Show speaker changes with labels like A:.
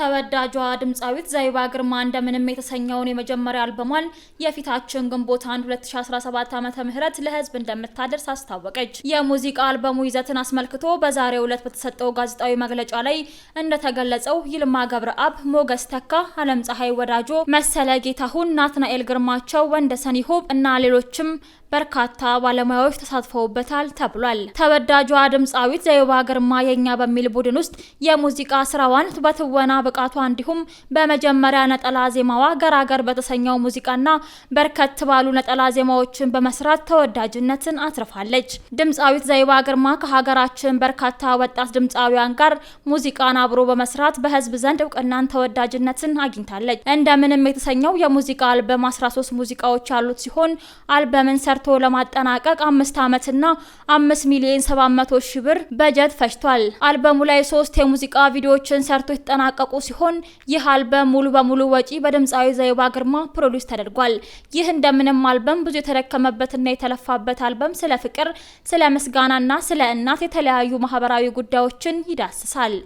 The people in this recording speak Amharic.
A: ተወዳጇ ድምፃዊት ዘቢባ ግርማ እንደምንም የተሰኘውን የመጀመሪያ አልበሟን የፊታችን ግንቦት 1 2017 ዓ ም ለህዝብ እንደምታደርስ አስታወቀች። የሙዚቃ አልበሙ ይዘትን አስመልክቶ በዛሬው ዕለት በተሰጠው ጋዜጣዊ መግለጫ ላይ እንደተገለጸው ይልማ ገብረአብ፣ ሞገስ ተካ፣ አለም ፀሐይ ወዳጆ፣ መሰለ ጌታሁን፣ ናትናኤል ግርማቸው፣ ወንደሰን ይሁብ እና ሌሎችም በርካታ ባለሙያዎች ተሳትፈውበታል ተብሏል። ተወዳጇ ድምፃዊት ዘቢባ ግርማ የእኛ በሚል ቡድን ውስጥ የሙዚቃ ስራዋን በትወና ብቃቷ እንዲሁም በመጀመሪያ ነጠላ ዜማዋ ገራገር በተሰኘው ሙዚቃና በርከት ባሉ ነጠላ ዜማዎችን በመስራት ተወዳጅነትን አትርፋለች። ድምፃዊት ዘይባ ግርማ ከሀገራችን በርካታ ወጣት ድምፃዊያን ጋር ሙዚቃን አብሮ በመስራት በህዝብ ዘንድ እውቅናን ተወዳጅነትን አግኝታለች። እንደምንም የተሰኘው የሙዚቃ አልበም 13 ሙዚቃዎች ያሉት ሲሆን አልበምን ሰርቶ ለማጠናቀቅ አምስት ዓመትና አምስት ሚሊዮን 700 ሺህ ብር በጀት ፈጅቷል። አልበሙ ላይ ሶስት የሙዚቃ ቪዲዮዎችን ሰርቶ የተጠናቀቁ ሲሆን ይህ አልበም ሙሉ በሙሉ ወጪ በድምፃዊ ዘይባ ግርማ ፕሮዲስ ተደርጓል። ይህ እንደምንም አልበም ብዙ የተደከመበትና የተለፋበት አልበም ስለ ፍቅር፣ ስለ ምስጋናና ስለ እናት የተለያዩ ማህበራዊ ጉዳዮችን ይዳስሳል።